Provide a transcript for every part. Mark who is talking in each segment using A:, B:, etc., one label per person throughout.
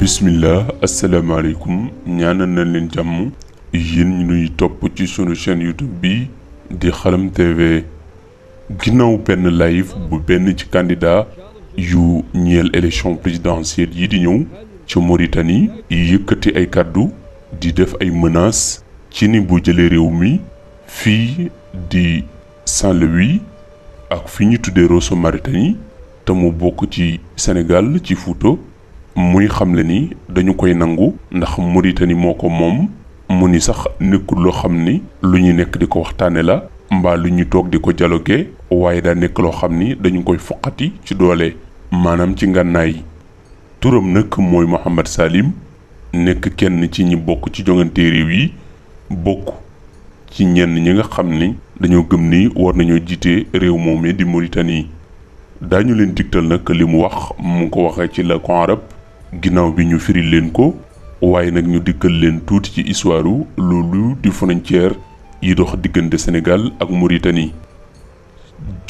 A: bismillah asalaamaaleykum ñaanal na leen jàmm yéen ñu topp ci sunu chaîne youtube bi di xalam tv ginnaaw benn live bu benn ci candidat yu ñeel élection présidentielle yi di ñëw ci Mauritanie yëkkati ay kàddu di def ay menaces ci ni bu jëlee réew mi fii di Saint-Louis ak fi ñu tuddee Rosso Mauritanie te mu bokk ci Sénégal ci Fouta muy xamle ni dañu koy nangu ndax Mauritanie moo ko moom mu ni sax nekkul loo xam ni lu ñuy nekk di ko waxtaane la mbaa lu ñu toog di ko dialogué waaye daa nekk loo xam ni dañu koy foqati ci doole maanaam ci ngànnaay turam nag mooy Mohamed Salim nekk kenn ci ñi bokk ci joŋante réew yi bokk ci ñenn ñi nga xam ni dañoo gëm ni war nañoo jiite réew moomee di Mauritanie daañu leen digtal nag li mu wax mu ko waxee ci la ko ginnaaw bi ñu firi leen ko waaye nag ñu dikkal leen tuuti ci histoire loolu di frontière yi dox diggante senegal ak Mauritanie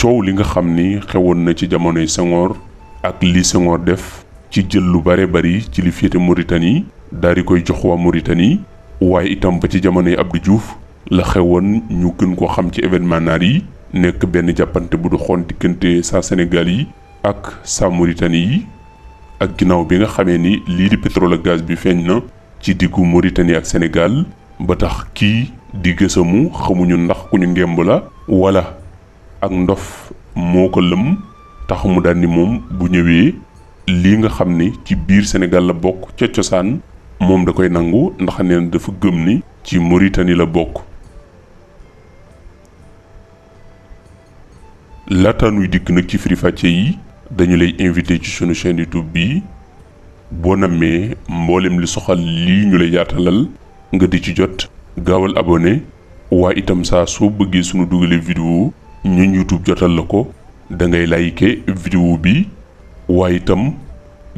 A: coow li nga xam ni xewoon na ci jamonoy Senghor ak li Senghor def ci jël lu bare bari ci li féete moritani daal di koy jox waa Mauritanie waaye itam ba ci jamonoy Abdou Diouf la xewoon ñu gën ko xam ci événement naar yi nekk benn jàppante bu doxoon diggante sa senegal yi ak saa Mauritanie yi ak ginnaaw bi nga xamee ni lii di pétrole ak gaz bi feeñ na ci diggu Mauritanie ak senegaal ba tax kii di gësamu xamuñu ndax ku ñu ngemb la wala ak ndof moo ko lëm tax mu daal ni moom bu ñëwee li nga xam ni ci biir Sénégal la bokk ca cosaan moom da koy nangu ndax nee na dafa gëm ni ci Mauritanie la bokk laata nuy dikk nag ci firi yi dañu lay invité ci sunu chaîne YouTube bi boo nammee mboolem li soxal lii ñu lay yaatalal nga di ci jot gaawal abone waaye itam saa soo bëggee sunu dugalee vidéo ñun YouTube jotal la ko da ngay liker vidéo bi waaye itam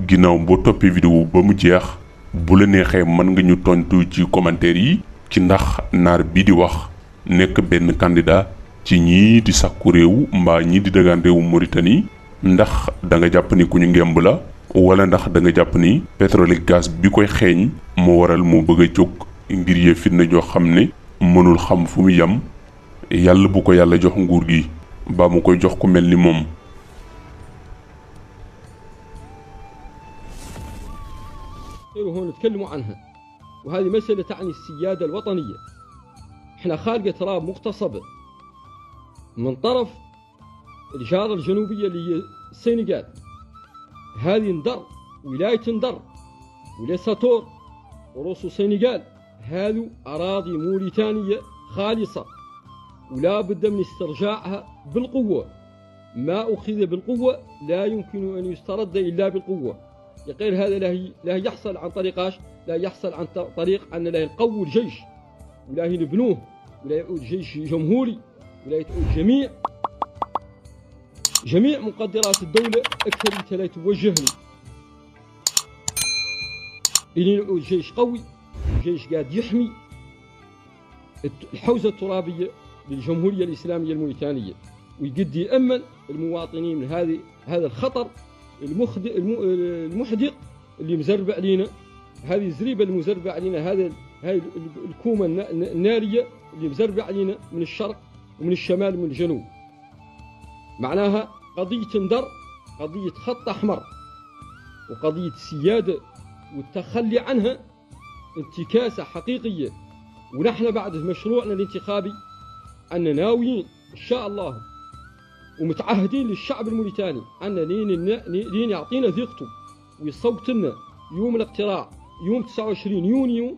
A: ginnaaw boo toppee vidéo ba mu jeex bu la neexee mën nga ñu tontu ci commentaire yi ci ndax naar bii di wax nekk benn candidat ci ñii di sàkku réew mbaa ñii di dagaan réewu ndax da nga jàpp ni ku ñu ngemb la wala ndax da nga jàpp ni pétrole gaz bi koy xéñ mo waral mu bëgg a jóg ngir yé fitna jo xamné mënul xam fu mu yam yàlla bu ko yàlla jox nguur gi ba mu koy jox ku melni mom moom
B: هو نتكلم عنها وهذه مسألة تعني السيادة الوطنية احنا خالقة تراب مغتصبة من طرف الجارة الجنوبية اللي هي السنغال هذه ندر ولاية ندر ولاية ساتور ورؤوس السنغال هذو أراضي موريتانية خالصة ولا بد من استرجاعها بالقوة ما أخذ بالقوة لا يمكن أن يسترد إلا بالقوة غير هذا لا لا يحصل عن طريق لا يحصل عن طريق أن لا يقوي الجيش ولا نبنوه ولا يعود جيش جمهوري ولا يعود جميع جميع مقدرات الدولة أكثريتها لا توجهني إني إني جيش قوي جيش قاعد يحمي الحوزة الترابية للجمهورية الإسلامية الموريتانية ويقد يأمن المواطنين من هذه هذا الخطر المحدق اللي مزربع علينا هذه الزريبة المزربة علينا هذا هاي الكومة النارية اللي مزربة علينا من الشرق ومن الشمال ومن الجنوب معناها قضية ندر قضية خط أحمر وقضية سيادة والتخلي عنها انتكاسة حقيقية ونحن بعد مشروعنا الانتخابي أن ناويين إن شاء الله ومتعهدين للشعب الموريتاني أن لين, لين يعطينا ثقته ويصوت لنا يوم الاقتراع يوم 29 يونيو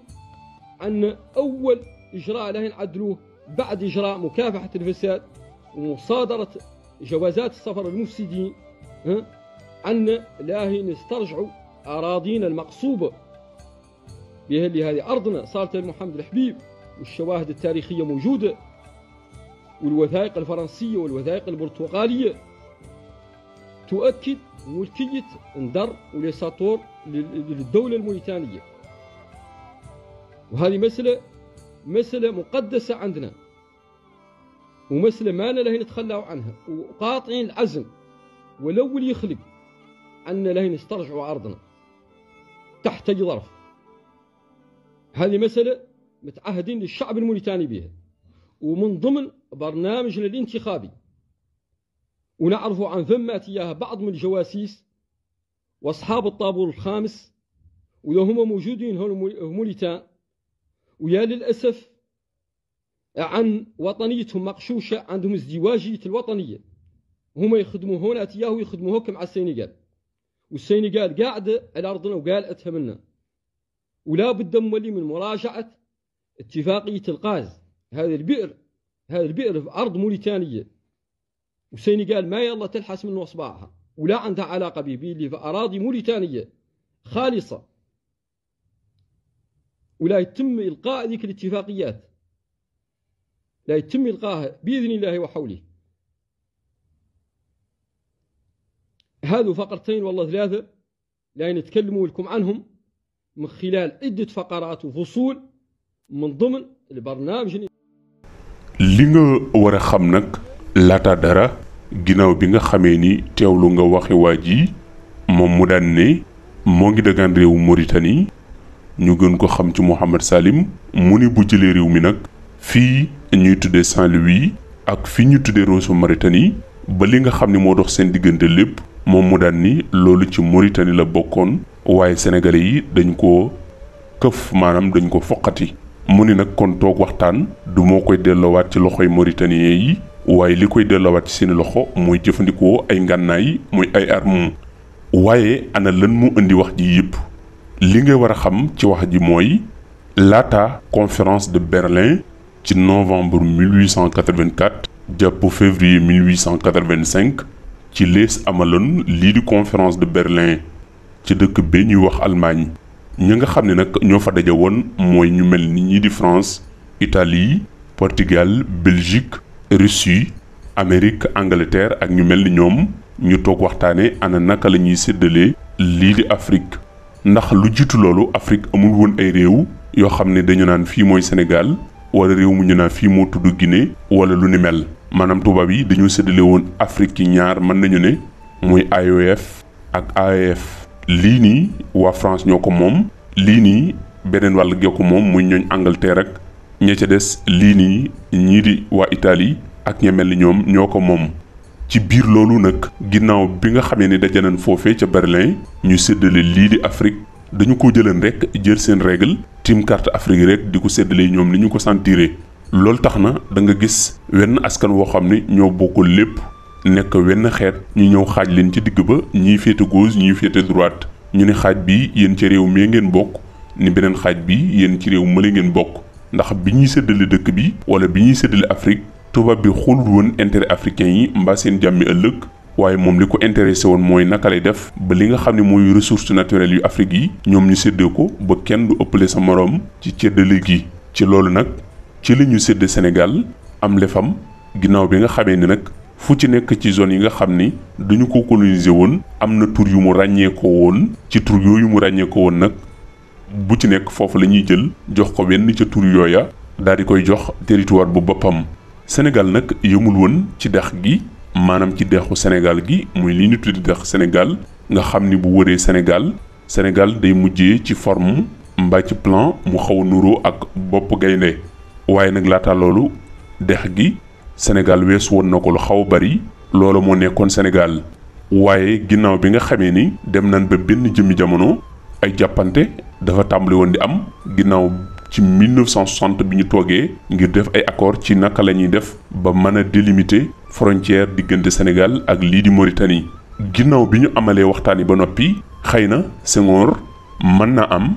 B: أن أول إجراء له نعدلوه بعد إجراء مكافحة الفساد ومصادرة جوازات السفر المفسدين أن لاهي نسترجعوا أراضينا المقصوبة بهذه هذه أرضنا صارت محمد الحبيب والشواهد التاريخية موجودة والوثائق الفرنسية والوثائق البرتغالية تؤكد ملكية ندر وليساتور للدولة الموريتانية وهذه مسألة مسألة مقدسة عندنا ومسلمان لهي نتخلاو عنها وقاطعين العزم ولو اللي يخلق عنا لهي نسترجعوا أرضنا تحت اي ظرف هذه مسألة متعهدين للشعب الموريتاني بها ومن ضمن برنامجنا الانتخابي ونعرف عن ذمات إياها بعض من الجواسيس وأصحاب الطابور الخامس ويا هم موجودين هون موريتان ويا للأسف عن وطنيتهم مقشوشة عندهم ازدواجية الوطنية هما يخدموا هنا تياهو يخدموا هكا مع السينغال والسينغال قاعدة على أرضنا وقالتها منا ولا بد مولي من مراجعة اتفاقية القاز هذه البئر هذه البئر في أرض موريتانية والسينغال ما يلا تلحس منه أصبعها ولا عندها علاقة به اللي في أراضي موريتانية خالصة ولا يتم إلقاء ذيك الاتفاقيات لا يتم إلقاها بإذن الله وحوله هذا فقرتين والله ثلاثة لا نتكلموا لكم عنهم من خلال عدة فقرات وفصول من ضمن البرنامج
A: لينغ ورا خمنك لا تدرى جناو بينغ خميني تيولونغ واخي واجي مومودان ني موغي ريو موريتاني ñu gën ko xam ci mohammed salim mu ni ñuy tuddé Saint Louis ak fi ñu Rose Rosso Mauritanie ba li nga xamni mo dox seen diggante lepp mom mu daan ni lolu ci Mauritanie la bokkon waye sénégalais yi dañ ko keuf manam dañ ko fokati mu nak kon tok waxtaan du mo koy delloowaat ci loxoy mauritanien yi waye likoy koy ci seeni loxo moy jëfëndiko ay ngannaay moy ay arme waye ana lan mu indi wax ji yépp li nga wara xam ci wax ji moy lata conférence de berlin ci novembre 1884 jàpp février 1885 ci les amalon lii di conférence de Berlin ci dëkk bi ñuy wax Allemagne ñi nga xam ne nag ñoo fa daje woon mooy ñu mel ni ñii di France Italie Portugal Belgique Russie Amérique Angleterre ak ñu mel ni ñoom ñu toog waxtaane ana naka la ñuy séddalee lii di Afrique ndax lu jiitu loolu Afrique amul woon ay réew yoo xam ne dañu naan fii mooy Sénégal wala réew mu ñu naan fii moo tudd Guinée wala lu ni mel maanaam tubaab yi dañoo séddale woon Afrique ci ñaar mën nañu ne muy IOF ak AEF lii nii waa France ñoo ko moom lii nii beneen wàll gee ko moom muy ñooñ Angleterre ak ña ca des lii nii ñii di waa Italie ak ña mel ni ñoom ñoo ko moom ci biir loolu nag ginnaaw bi nga xamee ni daje nañ foofee ca Berlin ñu séddale lii di Afrique dañu ko jëleen rek jël seen règle team carte Afrique rek di ko séddale ñoom ni ñu ko sentiré loolu tax na da nga gis wenn askan woo xam ne ñoo bokkul lépp nekk wenn xeet ñu ñëw xaaj leen ci digg ba ñiy féete gauche ñuy féete droite ñu ni xaaj bi yéen ci réew mi ngeen bokk ni beneen xaaj bi yéen ci réew mële ngeen bokk ndax bi ñuy séddale dëkk bi wala bi ñuy séddale Afrique tubaab bi xoolul woon intérêt africain yi mbaa seen jàmmi ëllëg waaye moom li ko intéressé woon mooy naka lay def ba li nga xam ne mooy ressources naturelles yu Afrique yi ñoom ñu séddee ko ba kenn du ëppale sa moroom ci cëddale gi ci loolu nag ci li ñu séddee Sénégal am lefam ginnaaw bi nga xamee ni nag fu ci nekk ci zone yi nga xam ni duñu ko coloniser woon am na tur yu mu ràññee ko woon ci tur yooyu mu ràññee ko woon nag bu ci nekk foofu la ñuy jël jox ko benn ca tur ya daal di koy jox territoire bu boppam Sénégal nag yëmul woon ci dex gi maanaam ci dexu Sénégal gi muy li ñu tuddi dex Sénégal nga xam ni bu wëree Sénégal Sénégal day mujjee ci forme mbaa ci plan mu xaw a nuroo ak bopp gaynde waaye nag laata loolu dex gi Sénégal weesu woon na ko lu xaw a bari loolu moo nekkoon Sénégal waaye ginnaaw bi nga xamee ni dem nañ ba benn jëmmi jamono ay jàppante dafa tàmbali woon di am ginnaaw ci 1960 bi ñu toogee ngir def ay accord ci naka la ñuy def ba mën a délimiter frontière diggante Sénégal ak lii di Mauritanie ginnaaw bi ñu amalee waxtaan yi ba noppi xëy na Senghor mën na am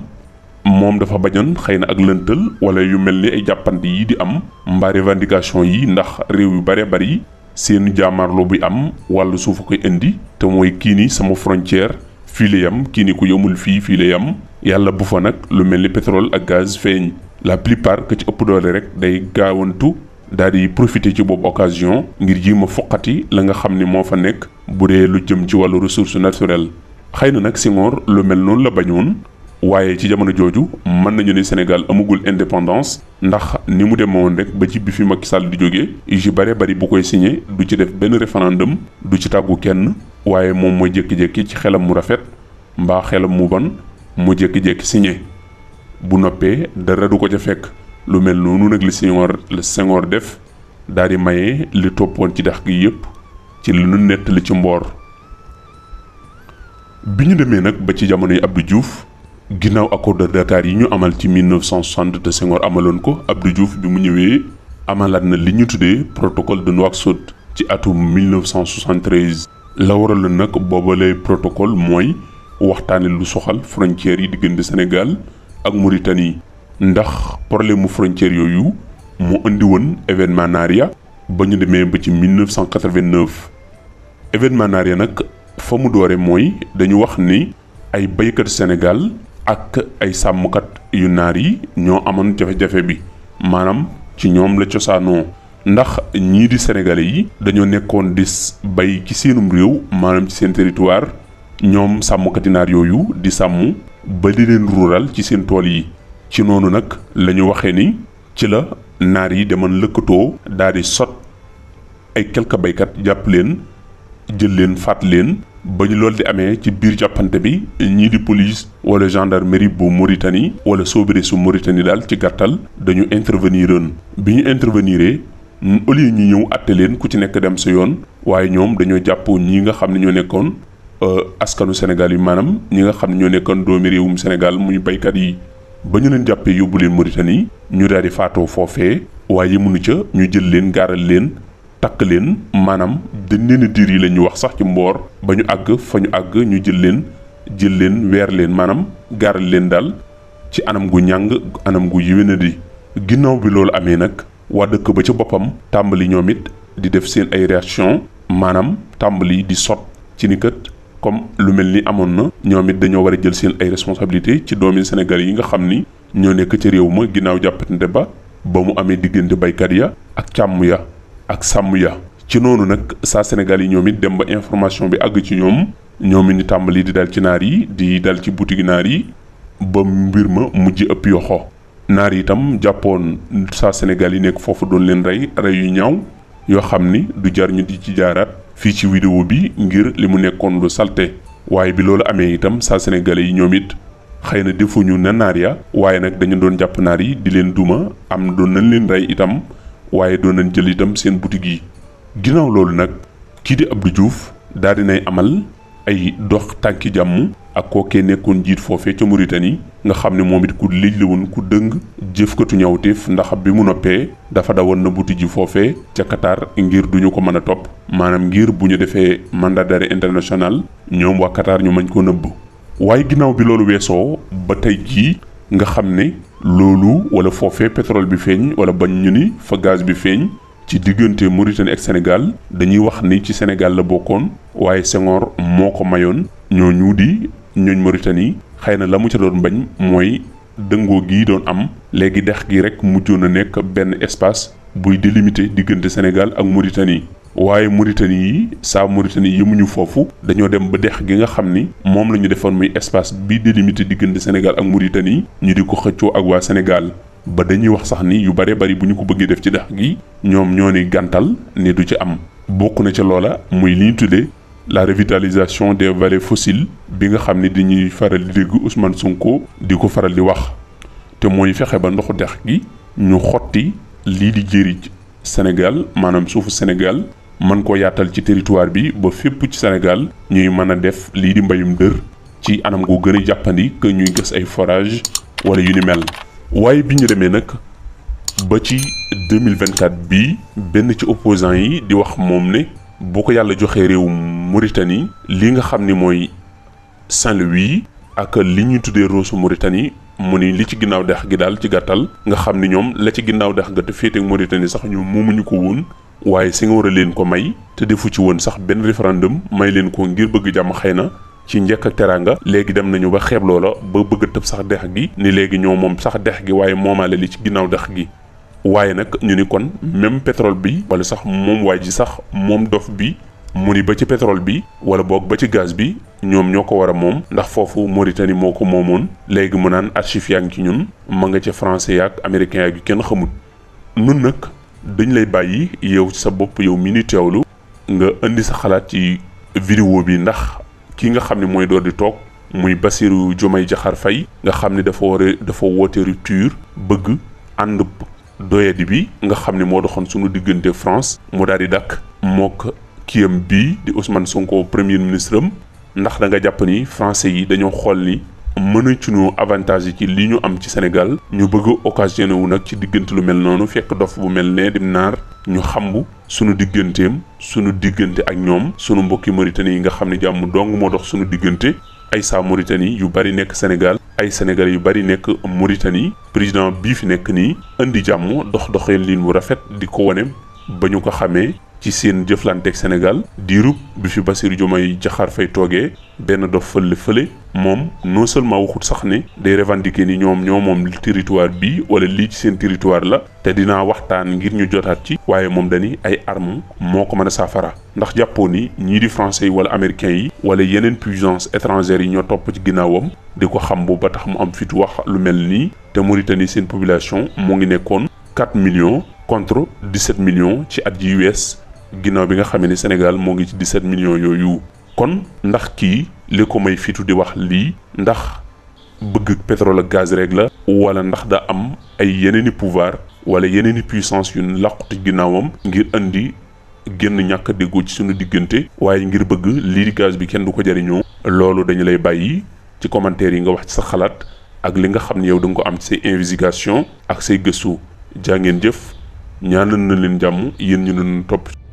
A: moom dafa bañoon xëy na ak lëntal wala yu mel ni ay jàppante yi di am mbaa revendication yi ndax réew yu bare bari seenu jaamaarloo bi am wàllu suufa koy indi te mooy kii ni sama frontière fii la kii ni ku yemul fii fii la yam yalla bu fa nak lu mel pétrole ak gaz feñ la plupart que ci ëpp doole rek day gaawantu daal di profiter ci boobu occasion ngir ji ma foqati la nga xam ni moo fa nekk bu dee lu jëm ci wàllu ressource naturelle xëy na nag Senghor lu mel noonu la bañoon waaye ci jamono jooju mën nañu ne Sénégal amagul indépendance ndax ni mu demoon rek ba ci bi fi Macky Sall di jógee ju bare bari bu koy signé du ci def benn référendum du ci tàggu kenn waaye moom mooy jékki-jékki ci xelam mu rafet mbaa xelam mu ban. mu jékki-jékki signé bu noppee dara du ko ca fekk lu mel noonu nag li Senghor li Senghor def daal di maye li toppoon ci dex gi yëpp ci li nu nettali ci mboor bi ñu demee nag ba ci jamono yi Abdou juuf ginnaaw accord de Dakar yi ñu amal ci 1960 te Senghor amaloon ko Abdou Diouf bi mu ñëwee amalaat na li ñu tuddee protocole de Nouakchott ci atum 1973 la waraloon nag booba lay protocole mooy waxtaane lu soxal frontières yi diggante Sénégal ak Mauritanie ndax problème mu frontières yooyu mu indi woon événement Naaria ba ñu demee ba ci 1989 événement Naaria nag fa mu doore mooy dañu wax ni ay béykat Sénégal ak ay sàmmkat yu naar yi ñoo amoon jafe-jafe bi maanaam ci ñoom la cosaanoo ndax ñii di sénégalais yi dañoo nekkoon di bay ci seenum réew maanaam ci seen territoire ñoom sàmmkati naar yooyu di sàmm ba di leen ruural ci seen tool yi ci noonu nag la ñu waxee ni ci la naar yi demoon lëkkatoo daal di sot ay quelque baykat jàpp leen jël leen faat leen ba ñu loolu di amee ci biir jàppante bi ñii di police wala gendarmerie bu Mauritanie wala soobire su Mauritanie daal ci gàttal dañu interveniroon bi ñu interveniree au lieu ñu ñëw àtte leen ku ci nekk dem sa yoon waaye ñoom dañoo jàpp ñi nga xam ne ñoo nekkoon Euh, askanu Sénégal yi maanaam ñi nga xam ñoo nekkoon doomi réewum Sénégal muy baykat yi ba ñu leen jàppee yóbbu leen Mauritanie ñu daal di faatoo foofee waaye mënu ca ñu jël leen gaaral leen takk leen maanaam dañ leen diir yi la ñu wax sax ci mboor ba ñu àgg fa ñu àgg ñu jël leen jël leen weer leen maanaam gaaral leen daal ci anam gu ñàng anam gu di ginnaaw bi loolu amee nag waa dëkk ba ci boppam tàmbali ñoom it di def seen ay réaction maanaam tàmbali di sot ci comme lu mel ni amoon na ñoom it dañoo war a jël seen ay responsabilité ci doomi Sénégal yi nga xam ni ñoo nekk ci réew ma ginnaaw jàppante ba ba mu amee diggante baykat ya ak càmm ya ak sàmm ya ci noonu nag saa Sénégal yi ñoom it dem ba information bi àgg ci ñoom ñoom it ni tàmbali di dal ci naar yi di dal ci boutique naar yi ba mbir ma mujj ëpp yoxo naar yitam itam jàppoon saa Sénégal yi nekk foofu doon leen rey rey yu ñaw yoo xam ni du jar ñu di ci jaara fii ci vidéo bi ngir li mu nekkoon lu salte waaye bi loolu amee itam saa sénégalais yi ñoom it xëy na defuñu na naar ya waaye nag dañu doon jàpp naar yi di leen duma am doon nañ leen rey itam waaye doon nañ jël itam seen boutique yi ginnaaw loolu nag kii di Abdou Diouf daal dinay amal ay dox tànki jàmm ak kookee nekkoon jiit foofee ca Mauritanie nga xam ne moom it ku lij la woon ku dëng jëfkatu ñawteef ndax bi mu noppee dafa dawoon na buti ji foofee ca Qatar ngir duñu ko mën a topp maanaam ngir bu ñu defee mandat d'arrêt international ñoom waa Qatar ñu mañ koo nëbb waaye ginnaaw bi loolu weesoo ba tey jii nga xam ne loolu wala foofee pétrole bi feeñ wala bañ ñu ni fa gaz bi feeñ ci diggante Mauritanie ak Sénégal dañuy wax ni ci Sénégal la bokkoon waaye Senghor moo ko mayoon ñoo ñu di ñooñ Mauritanie xëy na la mu ca doon bañ mooy dëngoo gii doon am léegi dex gi rek mujjoon a nekk benn espace buy délimité diggante Sénégal ak Mauritanie waaye Mauritanie yi saa Mauritanie yemuñu foofu dañoo dem ba dex gi nga xam ni moom la ñu defoon muy espace bi délimité diggante Sénégal ak Mauritanie ñu di ko xëccoo ak Sénégal ba dañuy wax sax ni yu bari bu ñu ko bëggee def ci dex gi ñoom ni du ci am bokk na ca loola muy la revitalisation des vallées fossiles bi nga xamni di ñuy faral di dégg Ousmane Sonko di ko faral di wax te moy fexe ba ndoxu dex gi ñu xotti li di jëri Sénégal manam suufu Sénégal man ko yaatal ci territoire bi ba fépp ci Sénégal ñuy mëna def li di mbayum dër ci anam go gëna jàppandi ke ñuy gëss ay forage wala yu ni mel waye bi ñu démé nak ba ci 2024 bi ben ci opposant yi di wax mom ne boo ko yàlla joxé réew Mauritanie li nga xamni moy Saint-Louis ak li ñuy tuddee Rosso Mauritanie mu ni li ci ginnaaw dex gi daal ci gàttal nga xam ni ñoom la ci ginnaaw dex ga te féete ak Mauritanie sax ñu moomuñu ko woon waaye si nga war a leen ko may te defu ci woon sax benn référendum may leen ko ngir bëgg jàmm xëy na ci njëkk ak teraanga léegi dem nañu ba xeeb loola ba bëgg a tëb sax dex gi ni léegi ñoo moom sax dex gi waaye moomaale li ci ginnaaw dex gi waaye nag ñu ni kon même pétrole bi wala sax moom waay ji sax moom dof bi muni ba ci pétrole bi wala boog ba ci gaz bi ñoom ñoo ko war a moom ndax foofu Mauritanie moo ko moomoon léegi mu naan archive yaa ci ñun ma nga ca français yaak américain yaak yu kenn xamut nun nag dañ lay bàyyi yow sa bopp yow mi ni teewlu nga indi sa xalaat ci vidéo bi ndax ki nga xam ne mooy door di toog muy Bassirou Diomaye Diakhar fay nga xam ne dafa war dafa woote rupture bëgg ànd doyadi bi nga xam ne moo doxoon sunu diggante France mu daal di dakk mook kiyam bii di Ousmane Sonko premier ministre am ndax da nga jàpp ni français yi dañoo xool ni mën ci ñu avantage yi ci li ñu am ci Sénégal ñu bëgg occasionné wu nag ci diggante lu mel noonu fekk dof bu mel ne dim naar ñu xambu sunu digganteem suñu diggante ak ñoom sunu mbokki Mauritanie yi nga xam ne jàmm dong moo dox suñu diggante ay saa Mauritanie yu bari nekk Sénégal ay Sénégalais yu bari nekk Mauritanie président bii fi nekk nii indi jàmm dox doxeen liin bu rafet di ko wone ba ñu ko xamee ci seen jëflanteek Sénégal diirub bi fi Bassirou Diomaye Diakhar fay toogee benn dof fële fële moom non seulement waxut sax ni day revendiquer ni ñoom ñoo moom territoire bii wala lii ci seen territoire la te dinaa waxtaan ngir ñu jotaat ci waaye moom dani ay armes moo ko mën a saafara ndax jàppoo ni ñii di français yi wala américains yi wala yeneen puissance étrangères yi ñoo topp ci ginnaawam di ko xam bu ba tax mu am fit wax lu mel nii te Mauritanie seen population mu ngi nekkoon 4 millions contre 17 millions ci at yi US ginnaaw bi nga xamee ni Sénégal moo ngi ci 17 millions yooyu kon ndax kii li ko may fitu di wax lii ndax bëgg pétrole gaz rek la wala ndax daa am ay yeneeni pouvoir wala yeneeni puissance yu làquti ginnaawam ngir andi génn ñàkk déggoo ci suñu diggante waaye ngir bëgg lii di gaz bi kenn du ko jariñoo loolu dañu lay bàyyi ci commentaire yi nga wax ci sa xalaat ak li nga xam ne yow danga ko am ci say investigation ak say gëstu jàngeen ngeen jëf ñaanal na leen jàmm yéen ñu topp